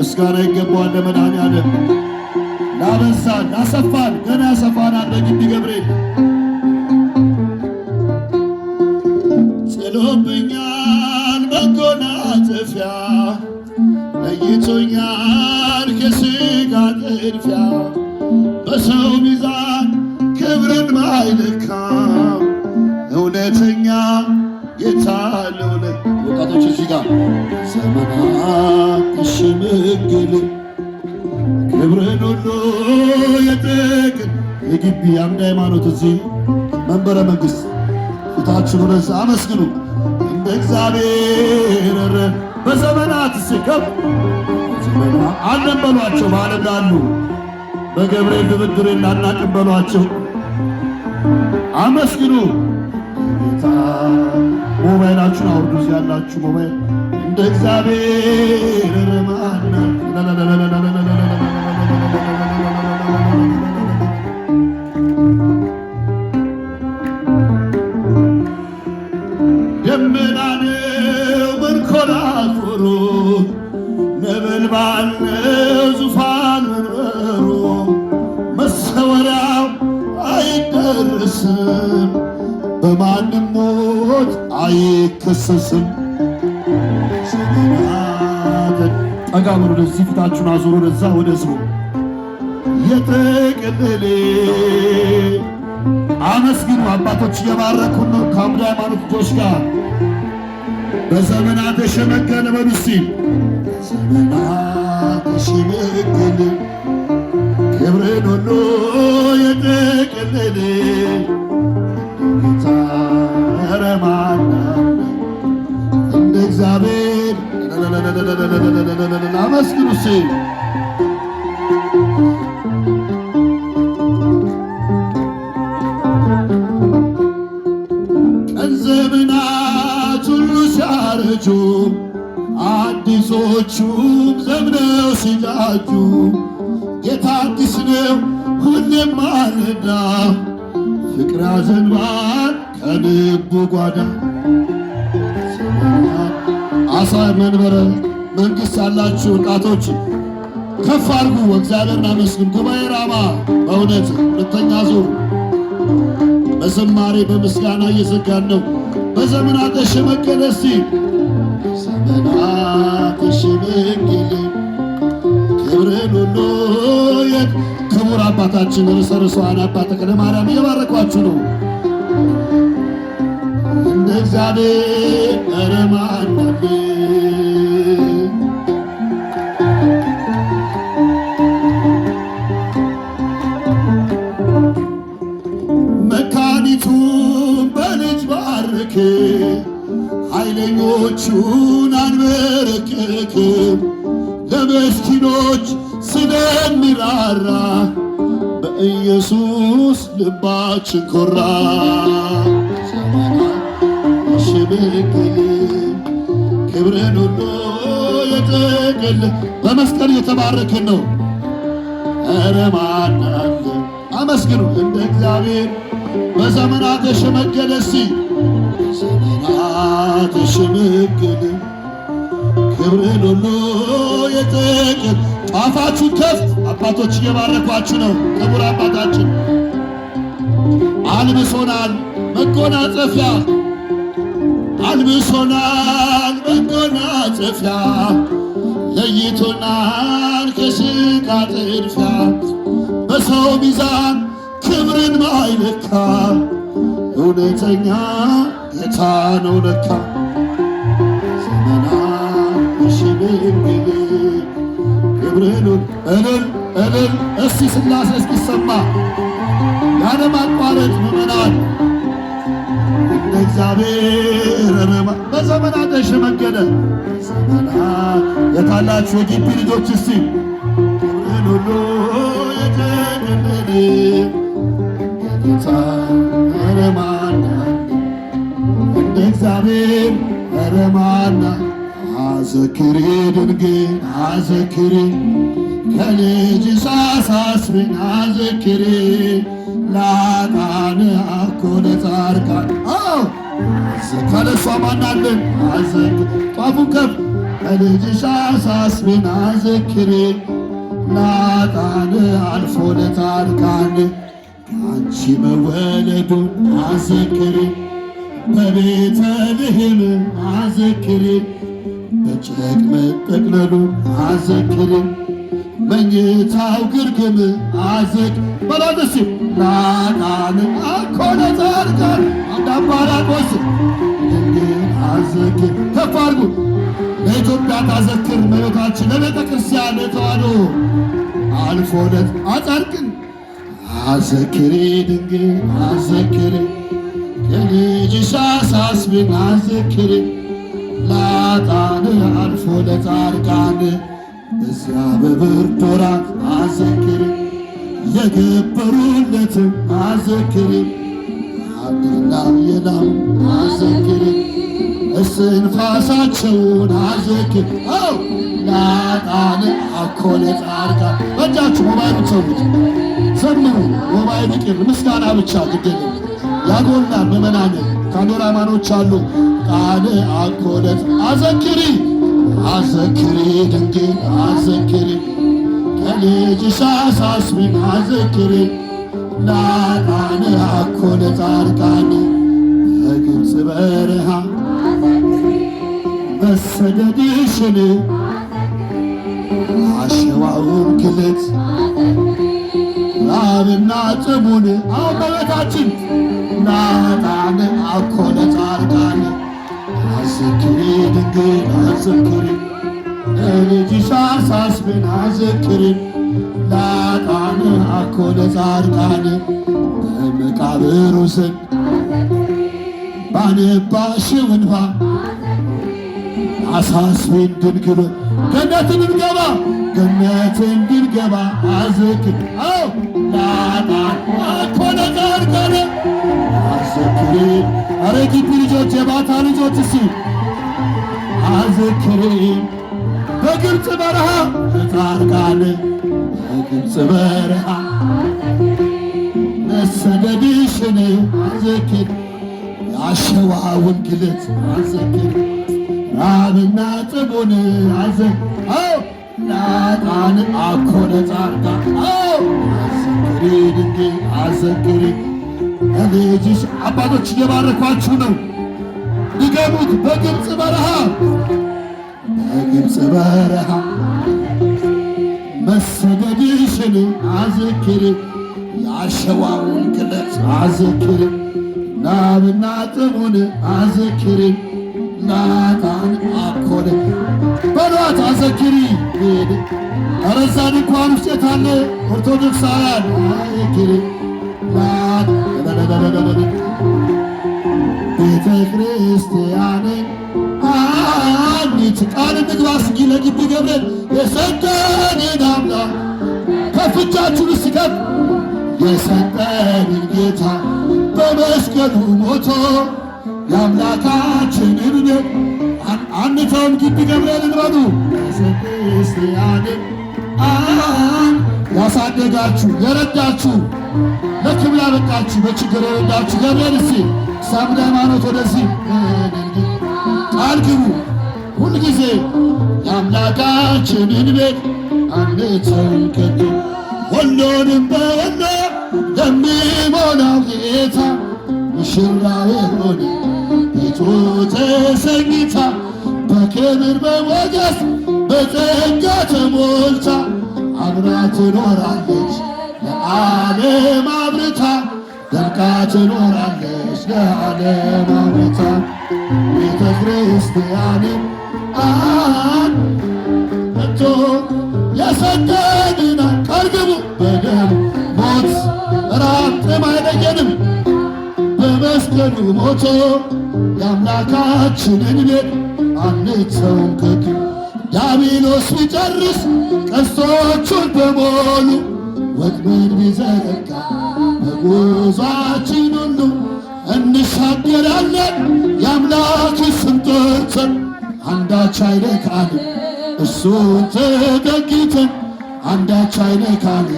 ምስጋና ይገባዋል ያለ ላበሳን ላሰፋን ገና ያሰፋናል በግቢ ገብርኤል ጥሎብኛል መጎናጸፊያ ለይቶኛል ከስጋ ጥድፊያ በሰው ሚዛን ክብርን ማይልካ እውነተኛ ጌታ ለሆነ ወጣቶች እዚህ ጋር ዘመናት ሽምግል ክብርን ሁሉ የጥቅ የግቢ አምድ ሃይማኖት እዚህ መንበረ መንግስት ፊታችን ወደዛ አመስግኑ እንደ እግዚአብሔር ረ በዘመናት ሲከብ አንበሏቸው በዓለም ላሉ በገብርኤል ድብድሬ እንዳናቅበሏቸው አመስግኑ ጌታ ሞባይላችሁን አውርዱ። እዚህ ያላችሁ ሞባይል እንደ እግዚአብሔር ማና ደመናነው መንኮራኩሩ ነበልባነው ዙፋን መንበሩ መሰወሪያው አይደርስም በማንም ሞት አይከሰስም ጠጋ ብሎ ወደዚህ ፊታችሁን አዙሩ፣ ወደዛ ወደ ህዝቡ የጥቅልል አመስግኑ። አባቶች እየባረኩ ነው። ከአምድ ሃይማኖት ልጆች ጋር በዘመናት የሸመገለ በሉሲ ዘመናት የሸመገለ ክብርን ሁሉ የጠቅልል ጌታ ረማና እንደ እግዚአብሔር አመስግኑ ሲ ቀን ዘመናት ሲያረጁ አዲሶቹም ዘምነው ሲዳጁ ጌታ አዲስ ነው ሁሌም ማለዳ ፍቅር አዘንባል ከልቡ ጓዳ አሳ መንበረ መንግሥት ያላችሁ ወጣቶች ከፍ አድርጉ፣ እግዚአብሔርን አመስግኑ። ጉባኤ ራማ በእውነት ሁለተኛ ዙር በዝማሬ በምስጋና እየዘጋን ነው። በዘመናት ተሸመገለ እስቲ ዘመናት መንግል ክብርን ሁሉ የት ክቡር አባታችን ርዕሰ አባተ አባ ማርያም እየባረኳችሁ ነው። እግዚአብሔር ረማናለ መካኒቱን በልጅ ባረክ ኃይለኞቹን አንበረከክም ለመስኪኖች ስለሚራራ በኢየሱስ ልባችን ኮራ ልብል ክብርን ሁሉ የጠቅል በመስቀል የተባረክን ነው። ኧረ ማናለ አመስግኑ እንደ እግዚአብሔር በዘመናት የሸመገለ ሲ ዘመናት የሸመገለ ክብርን ሁሉ የጠቅል ጣፋችሁን ከፍት አባቶች እየባረኳችሁ ነው። ክቡር አባታችን አልብሶናል መጎናጸፊያ አልብሶናል መጎናጸፊያ ለይቶናል ከስጋ ጥድፊያ በሰው ሚዛን ክብርን ማይለካ እውነተኛ ጌታ ነው ለካ ዘመና ሽብሚል ግብርኑን እልል እልል እስቲ ስላሴ እስኪሰማ ያለማቋረጥ ምመናል እንደ እግዚአብሔር በዘመናት የሸመገለ ዘመናት የታላችሁ የግቢ ልጆች እስቲ ክብርን ሁሉ የጨቅልል የጌታ ረማና እንደ እግዚአብሔር ረማና አዘክሪ ድንግል አዘክሪ ከልጅ ሳሳስብን አዘክሪ ላታን አኮነ ጻርቃን አው ዝካለሷ ማናለን አዘክ ጧፉን ከፍ ከልጅሽ አሳስቢን አዘክሪ ላጣን አልፎ ለጻርቃን አንቺ መወለዱ አዘክሪ በቤተልሔም አዘክሪ በጨቅ መጠቅለሉ አዘክሪ መኝታው ግርግም አዘግ በላደስ ላዳን አኮነ ጻድቃን አንድ አምባራቆስ አዘግ ከፍ አድርጉ። ለኢትዮጵያ ታዘክር መዮታችን ለቤተ ክርስቲያን ለተዋሕዶ አልፎለት አጻድቅን አዘክሬ ድንግል አዘክሬ የልጅሽ አሳስብን አዘክሬ ላጣን አልፎ ለጻድቃን እዚያ በብርድ ወራት አዘክሪ የገበሩለትን አዘክሪ አድላም የላም አዘክሪ እስንፋሳቸውን አዘክሪ አው ላጣን አኮለጣ አርጋ በእጃችሁ ሞባይል ሰሙት ዘምሩ። ሞባይል ቅር ምስጋና ብቻ ግድል ያጎላል መመናነ ካኖራማኖች አሉ ቃል አኮለጥ አዘክሪ አዘክሪ ድንግል አዘክሪ ከልጅሽ አሳስቢን አዘክሪ ላጣን አኮ ለጻድቃን በግብፅ በረሃ መሰደድሽን አሸዋውን ክለት ላብና ጽሙን አበበታችን ላጣን አኮ ለጻድቃን አዘክሪ ድንግል አዘክሪ ለልጅሽ አሳስብን አዘክሪ ላጣን አኮ ለጻድቃን በመቃብር ውስጥ ባነባሽው እንባ አሳስብን ድንግል ገነት እንድንገባ ገነት እንድንገባ አዘክሪ ላጣን አኮ ለጻድቃን አዘክሪ አረ ግቢ ልጆች፣ የባታ ልጆች እሱ አዝክሬ በግብፅ በረሃ ጻድቃን በግብፅ በረሃ መሰደድሽን አዘክር የአሸዋውን ግለት አዘክር ራብና ጥሙን አዘ ናጣን አኮ ለጻድቃን አዘክሪ ድንግል አዘክሪ በልጅሽ አባቶች እየባረኳችሁ ነው። ድገሙት። በግብፅ በረሃ በግብፅ በረሃ መሰደድሽን አዘክሪ፣ የአሸዋውን ክለት አዘክሪ፣ ናብና ጥሙን አዘክሪ፣ ናታን አኮለ በሏት አዘክሪ ሄድ አረዛ ድንኳን ውስጥ የታለ ኦርቶዶክሳውያን አዘክሪ ቤተ ክርስቲያንን አንዲት ቃል ንግባ እስኪ ለግቢ ገብረን የሰጠንን አምላክ ከፍቻችሁን እስከ የሰጠንን ጌታ በመስቀሉ ሞቶ የአምላካችንን ቤት አንተውም ግቢ ገብረን በሉ ቤተ ክርስቲያንን ያሳደጋችሁ የረዳችሁ ለክብር ያበቃችሁ በችግር የረዳችሁ ገብርኤል እስቲ ሳምንት ሃይማኖት ወደዚህ ቃል ግቡ። ሁልጊዜ የአምላካችንን ቤት አንተውን ከቶ ሁሉንም በወሎ ለሚሞላው ጌታ ሙሽራ የሆነ ቤቱ ተሰኝታ በክብር በሞገስ በጸጋ ተሞልታ አብራ ትኖራለ ለዓለም አብርታ ዘልቃ ትኖራለች። ለዓለም አብርታ ቤተ ክርስቲያን አን መቶ የሰጠንና ቀርግቡ በደም ሞት ራቅም አይለየንም በመስቀሉ ሞቶ የአምላካችንን ቤት አንተውም ከቶ ዲያብሎስ ቢጨርስ ቀስቶቹን በሞሉ ወጥመድ ቢዘረጋ በጉዟችን ሁሉ እንሻገራለን። የአምላክ ስም ጠርተን አንዳች አይነካንም፣ እሱን ተጠግተን አንዳች አይነካንም።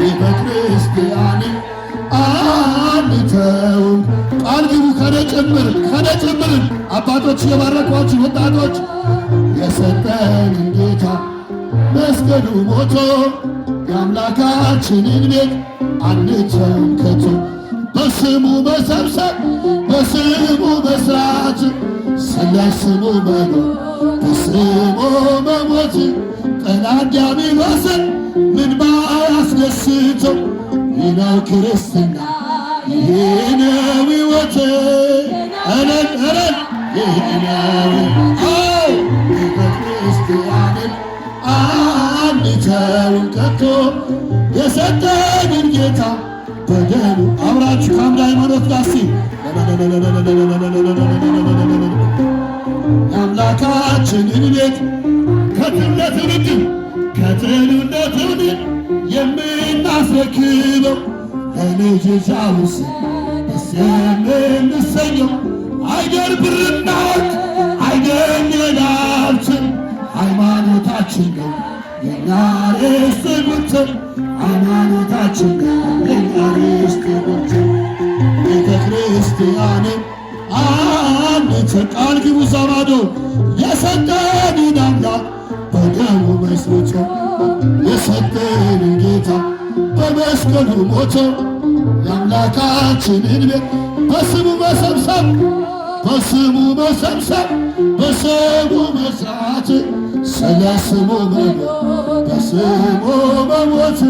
ቤተ ክርስቲያን አንተውም። ቃል ግቡ ከነጨምርን ከነጨምርን አባቶች የባረኳችሁ ወጣቶች የሰጠን ጌታ መስገዱ ሞቶ የአምላካችንን ቤት አንተውም ከቶ በስሙ መሰብሰብ በስሙ መስራት ስሙ መኖ በስሙ መሞት ቀላዳሚ ባሰን ምን ባያስደስተው ይነው ክርስትና ይህነው ሕይወቴ እለን እረን ይህነው ቤተ ክርስቲያን አንተውን ከቶ የሰጠንን ጌታ በደሉ አብራችሁ ከአንድ ሃይማኖት ጋሲ የአምላካችንን ቤት ከትውልድ ለትውልድ ከትውልድ ለትውልድ የምናስረክበው ለልጅ ጫውስ ደስ የምንሰኘው አይገር ብርና ወርቅ አይገኝ ላብችን ሃይማኖታችን ነው የኛ ርስት ጉንትን ሃይማኖታችን ነው የኛ ርስት ጉንትን ቤተ ክርስቲያንን አንተ ቃል ግቡ ዘማዶ የሰጠንን አምላክ በደሙ መስርቶ የሰጠን ጌታ በመስቀሉ ሞቶ የአምላካችንን ቤት በስሙ መሰብሰብ በስሙ መሰብሰብ በስሙ መስራት ስለ ስሙ በስሙ መሞት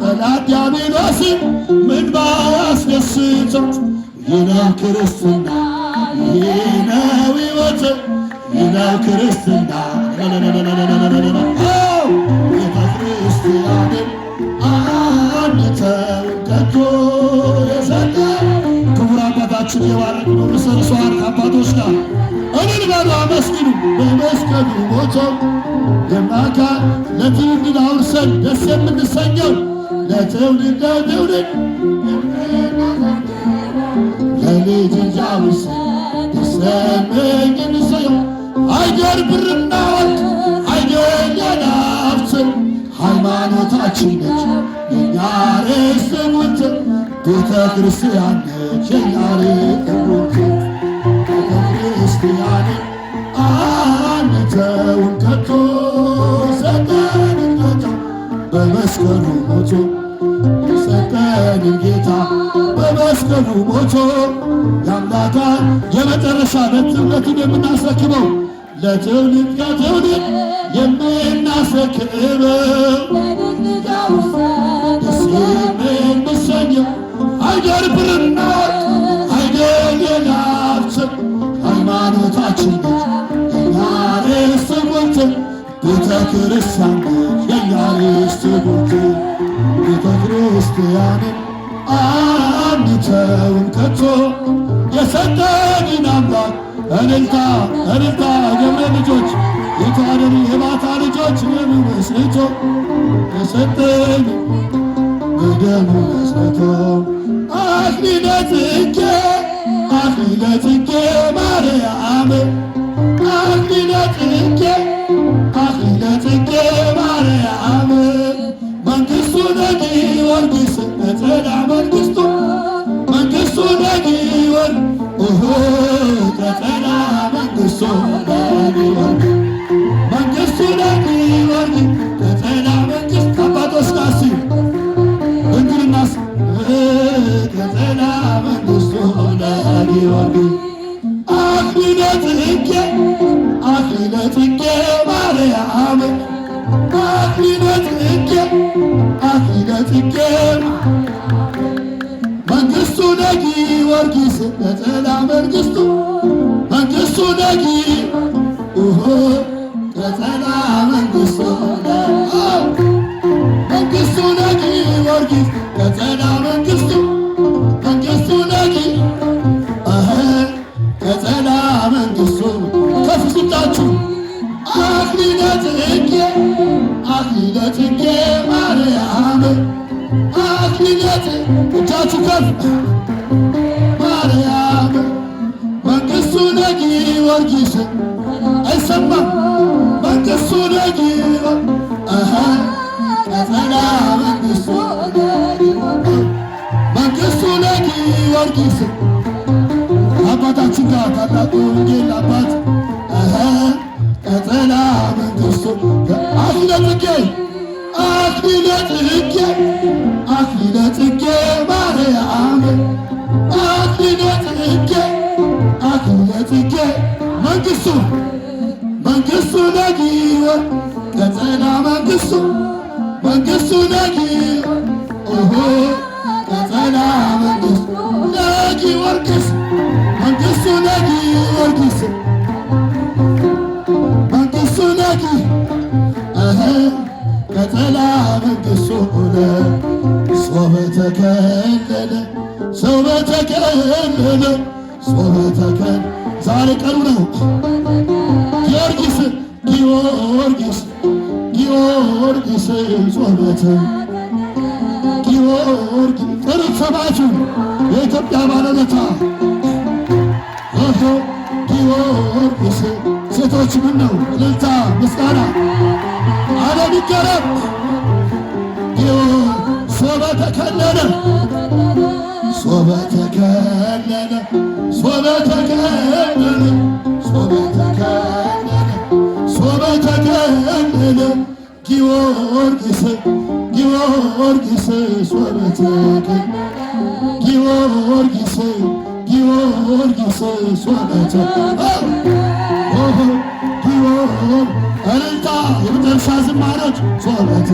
ጠላት ዲያብሎስን ምን ባያስደስተው ይህ ክርስትና፣ ይህ ሕይወት፣ ይህ ክርስትና። ቤተ ክርስቲያንን አንተው ከቶ የሰጠ ክቡር አባታችን የባረክ ነው መሰረሷን አባቶች ጋር መስጊዱ በመስገዱ ሞቶ የማታ ለትውልድ አውርሰን ደስ የምንሰኘው ለትውልድ ለትውልድ ለልጅ ልጃውስ ደሰመኝ ንሰየው አገር ብርና ወርቅ አገር የናፍትን ሃይማኖታችን ነች የኛ ርዕስ ምትን ቤተ ክርስቲያን ነች የኛ ርዕስ ምትን ቤተ ክርስቲያን መተውን ከቶ ሰጠንን ጌታ በመስቀሉ ሞቶ ሰጠንን ጌታ በመስቀሉ ሞቶ የአምላካ የመጨረሻ ለትውለቱን የምናስረክበው ለትውልድ ከትውልድ የምናስረክበው የምንሰኘው አይደር ብርናት አይደር የናፍስ ሃይማኖታችን ነች። አርስቶች ቤተ ክርስቲያን የኛ አርስቶች ቤተ ክርስቲያንን አንተውን ከቶ የሰጠንን አምላክ እልልታ እልልታ ገብረ ልጆች የታደሪ የባታ ልጆች የሚመስልቶ የሰጠን በደሙ መስረቶ አክሊለ ጽጌ አክሊለ ጽጌ ማርያም አክሊለ ጽጌ አክሊለ ጽጌ ማርያም መንግሥቱ ለጊዮርጊስ ነጸላ መንግሥቱ መንግሥቱ ለጊዮር ኦሆ ነጸላ መንግሥቱ ለጊዮር መንግሥቱ ለጊዮር ነጸላ መንግሥት አባቶች ናሲ እንግድናስ ነጸላ መንግሥቱ ለጊዮርጊስ አክሊለ ጽጌ አፍነትጌ ማርያም አፍነትጌ አፍነትጌ መንግስቱ ነጊ ወርጊስ ነጠላ መንግስቱ መንግስቱ ነጊ ኦሆ ነጠላ መንግስቱ መንግስቱ ነጊ ወርጊስ ነጠላ መንግስቱ አክሊለ ጽጌ አክሊለ ጽጌ ማርያም አክሊለ እጃችሁ ከፍ ማርያም ለጊዮርጊስ አባታችን ጋር ታላቁ ወንጌል አባት አክሊለጽጌ አክሊለጽጌ አክሊለጽጌ ማርያም አክሊለጽጌ አክሊለጽጌ መንግሥቱ መንግሥቱ ለጊዮን ቀጸና መንግሥቱ መንግሥቱ ለጊዮን ኦሆ ቀጸና መንግሥቱ ለጊዮርጊስ መንግሥቱ ለጊዮርጊስ መንግሥቱ ለጊ ከጠላ መንግሥቱ ሆነ ሰው በተከለለ ሰው በተከለለ ሰው በተከለለ ዛሬ ቀኑ ነው። ጊዮርጊስ ጊዮርጊስ ጊዮርጊስ ጾመተ ጊዮርጊስ ጥሩት ሰማችሁ የኢትዮጵያ ባለውለታ ጊዮርጊስ ሴቶች ምን ነው እልልታ ምስጋና አለሚገረም ሶበ ተከለለ ሶበ ተከለለ ሶበ ተከለለ ሶበ ተከለለ ሶበ ተከለለ ጊዮርጊስ ጊዮርጊስ ሶበ ተከለለ ጊዮርጊስ ጊዮርጊስ ሶበ ተከለለ እልልታ የመጨረሻ ዝማሬዎች ጸሎት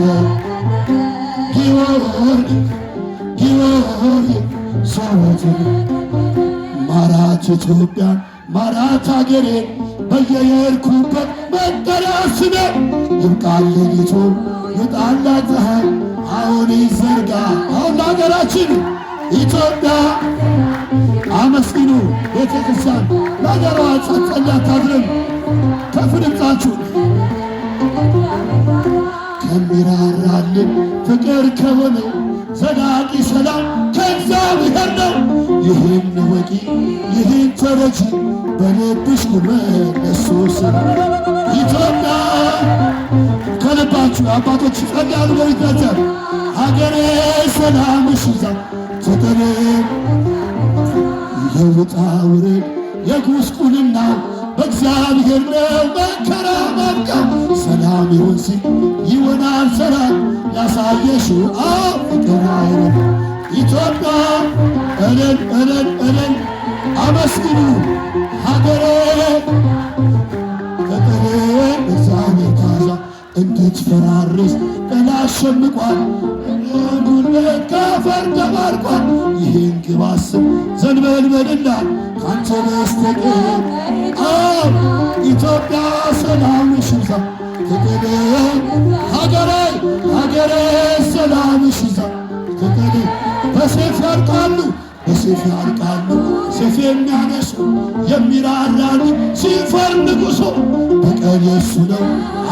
ጊዮርጊስ ጊዮርጊስ ጸሎት ማራት ኢትዮጵያ ማራት አገሬ በየየርኩበት መጠሪያ ስሜ ይብቃል ሌሊቱ ፀሐይ አሁን ይዘርጋ አሁን ለሀገራችን ኢትዮጵያ አመስግኑ ቤተክርስቲያን ለሀገሯ ጸጸላ ታድርም ከፍ ድምፃችሁ ከሚራራልን ፍቅር ከሆነው ዘላቂ ሰላም ከእግዚአብሔር ነው። ይህን ወቂ ይህን ተረጂ በልብሽ መለሱ ኢትዮጵያ ከልባችሁ አባቶች ጸልያሉ። በዊታተር ሀገሬ ሰላምሽ ይዛ ተጠረ የውጣ ውረድ የጉስቁልና እግዚአብሔር ነው መከራ ማብቃ ሰላም ይሁን ሲል ይሆናል ሰላም ያሳየሹ አፍቅራ አይረፍ ኢትዮጵያ እልል እልል እልል አመስግኑ ሀገሬ ፍቅሬ እግዚአብሔር ካዛ እንድትፈራርስ ጥላ ከአፈር ተባርቋል። ይህን ግባስ አስብ ዘንበልበልና ካንተ በስተቀር ኢትዮጵያ ሰላም ሽዛ ተቀደ ሀገሬ ሀገሬ ሰላም ሽዛ ተቀደ በሴፍ ያርቃሉ በሴፍ ያርቃሉ ሴፍ የሚያነሱ የሚራራሉ ሲፈር ንጉሶ በቀል የሱ ነው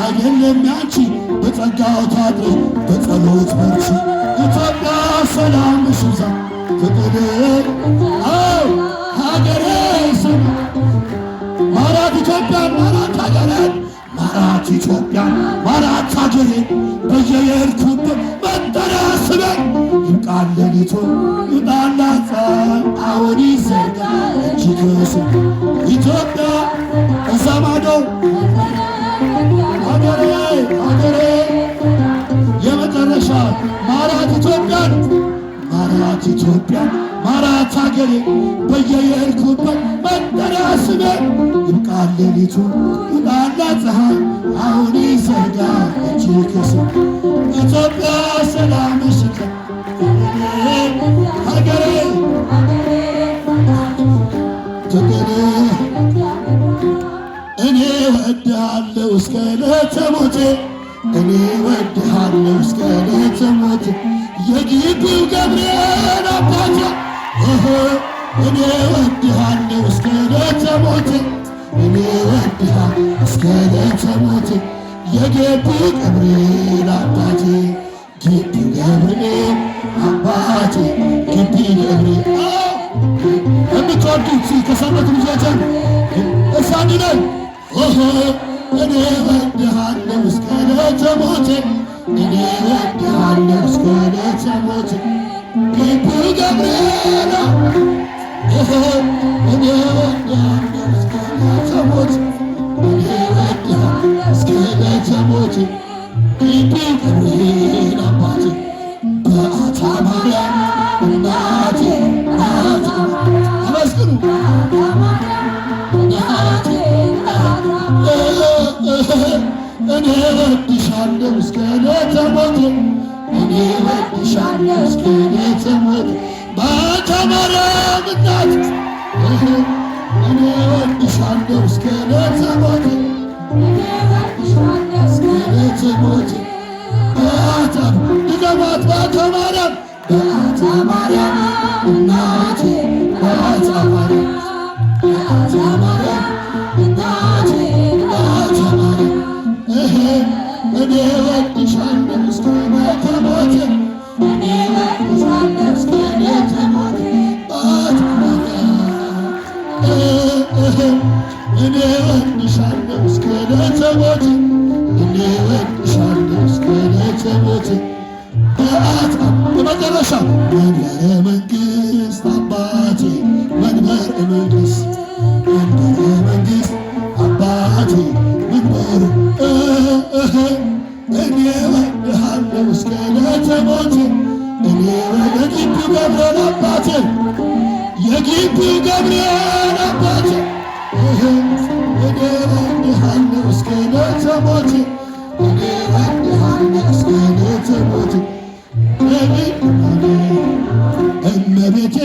አይደለም ያንቺ በጸጋው ታድሪ በጸሎት በርቺ ኢትዮጵያ ሰላም ሽዛ ፍቅር አው ሀገሬ ስም ማራት ኢትዮጵያን ማራት ሀገሬን ማራት ኢትዮጵያን ማራት ሀገሬን በየየርኩበት መጠሪያ ስበን ይብቃን ሌሊቱ ይውጣላ ፀሐይ አሁን ኢትዮጵያ እዛ ማዶ ሀገሬ ሀገሬ ሀበሻ ማራት ኢትዮጵያን ማራት ኢትዮጵያን ማራት ሀገሬ በየየእልኩበት መጠሪያ ስሜ ይብቃል ሌሊቱ ይብቃላ ፀሐይ አሁን ይሰጋ እጅ ከስ ኢትዮጵያ ሰላም ሽከ ሀገሬ ተገሬ እኔ ወዳለው እስከ ለተሞቴ እኔ ወድሃለሁ እስከ ዕለተ ሞት የግቢው ገብርኤል አባቴ እኔ ወድሃለሁ እስከ ዕለተ ሞት እኔ ወድሃለሁ እስከ ዕለተ ሞት የግቢው ገብርኤል አባቴ ግቢው ገብርኤል አባቴ ግቢው ገብርኤል የምትወዱት ከሰንበት ልጆችን እሳኒ ላይ እኔ እወድሃለሁ እስከ ዕለተ ሞቴ እኔ እወድሃለሁ እስከ ዕለተ ሞቴ ልቡ ገብርኤል እኔ እወድሃለሁ እስከ ዕለተ ሞቴ እኔ እወድሃለሁ እስከ ዕለተ ሞቴ ልቡ ገብርኤል አባቴ በአታ ማርያም እኔ እወድሻለሁ እስከ ዕለተ ሞቴ እኔ እወድሻለሁ እስከ ዕለተ ሞቴ በአንተ ማርያም እናት እኔ እወድሻለሁ እስከ ዕለተ ሞቴ እስከ ዕለተ ሞቴ በአታ ድገማት በአታ ማርያም በአታ ማርያም እናቴ በአታ ማርያም በአታ ማርያም እናቴ በመጨረሻ መንበረ መንግስት አባቴ መንበረ መንግስት መንበረ መንግስት ስርዓቱ ምግባሩ እኔ እወድሃለሁ እስከ ዕለተ ሞት እኔ የግቢው ገብርኤል አባቴ የግቢው ገብርኤል አባቴ እኔ እወድሃለሁ እስከ ዕለተ ሞት እኔ እወድሃለሁ እስከ ዕለተ ሞት እመቤቴ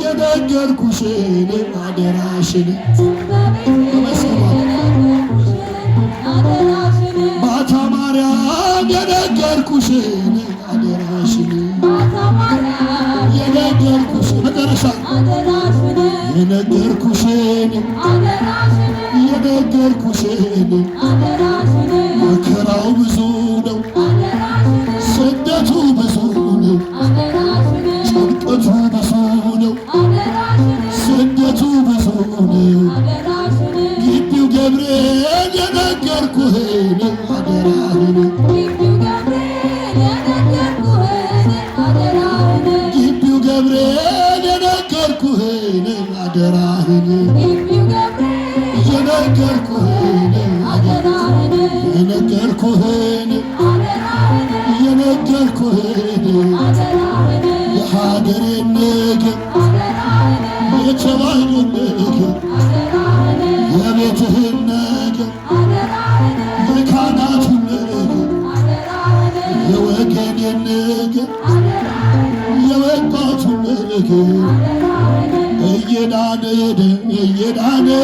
የነገርኩሽን አደራሽን ማታ ማርያም የነገርኩሽን አደራሽን የነገርኩሽን መጨረሻ የነገርኩሽን የነገርኩሽን የነገርኩህን የነገርኩህን የሀገሬን ነገር የቸባይን ነገር የቤትህን ነገር ነገር ነገር ነገር እየዳነደ yedane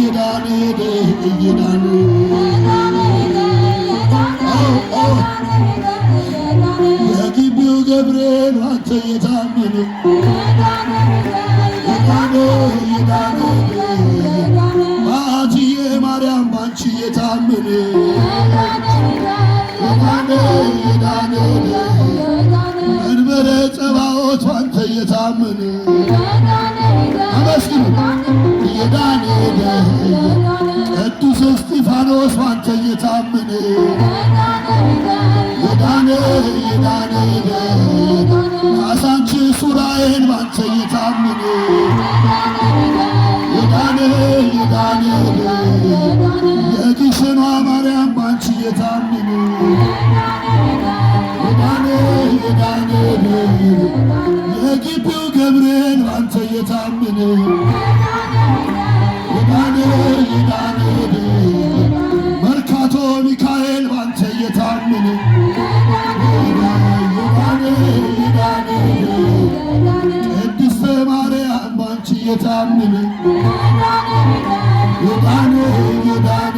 yedane de yedane يجيبوا جبريل حتى يتعملوا يدانو يدانو بعتي مريم بانشي يتعملوا يدانو يدانو منبر تبعوت وانت يتعملوا أبسكوا ኪዳን ቅዱስ እስጢፋኖስ ባንተ እየታመነ ይዳነ ይዳነ አሳንቺ ሱራኤል ባንተ እየታመነ ይዳነ ይዳነ የግሸኗ ማርያም ባንቺ እየታመነ ይዳነ ይዳነ የግቢው ገብርኤል ባንተ እየታመነ መርካቶ ሚካኤል ባንተ እየታመነ ቅድስተ ማርያም ባንቺ እየታመነ የዳነ የዳነ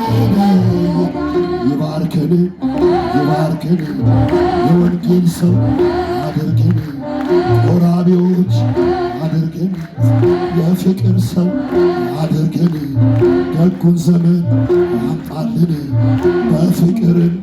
ይባርከን ይባርከን የወንጌል ሰው አድርገን ወራቢዎች አድርገን የፍቅር ሰው አድርገን የጸጉን ዘመን አምጣልን በፍቅርን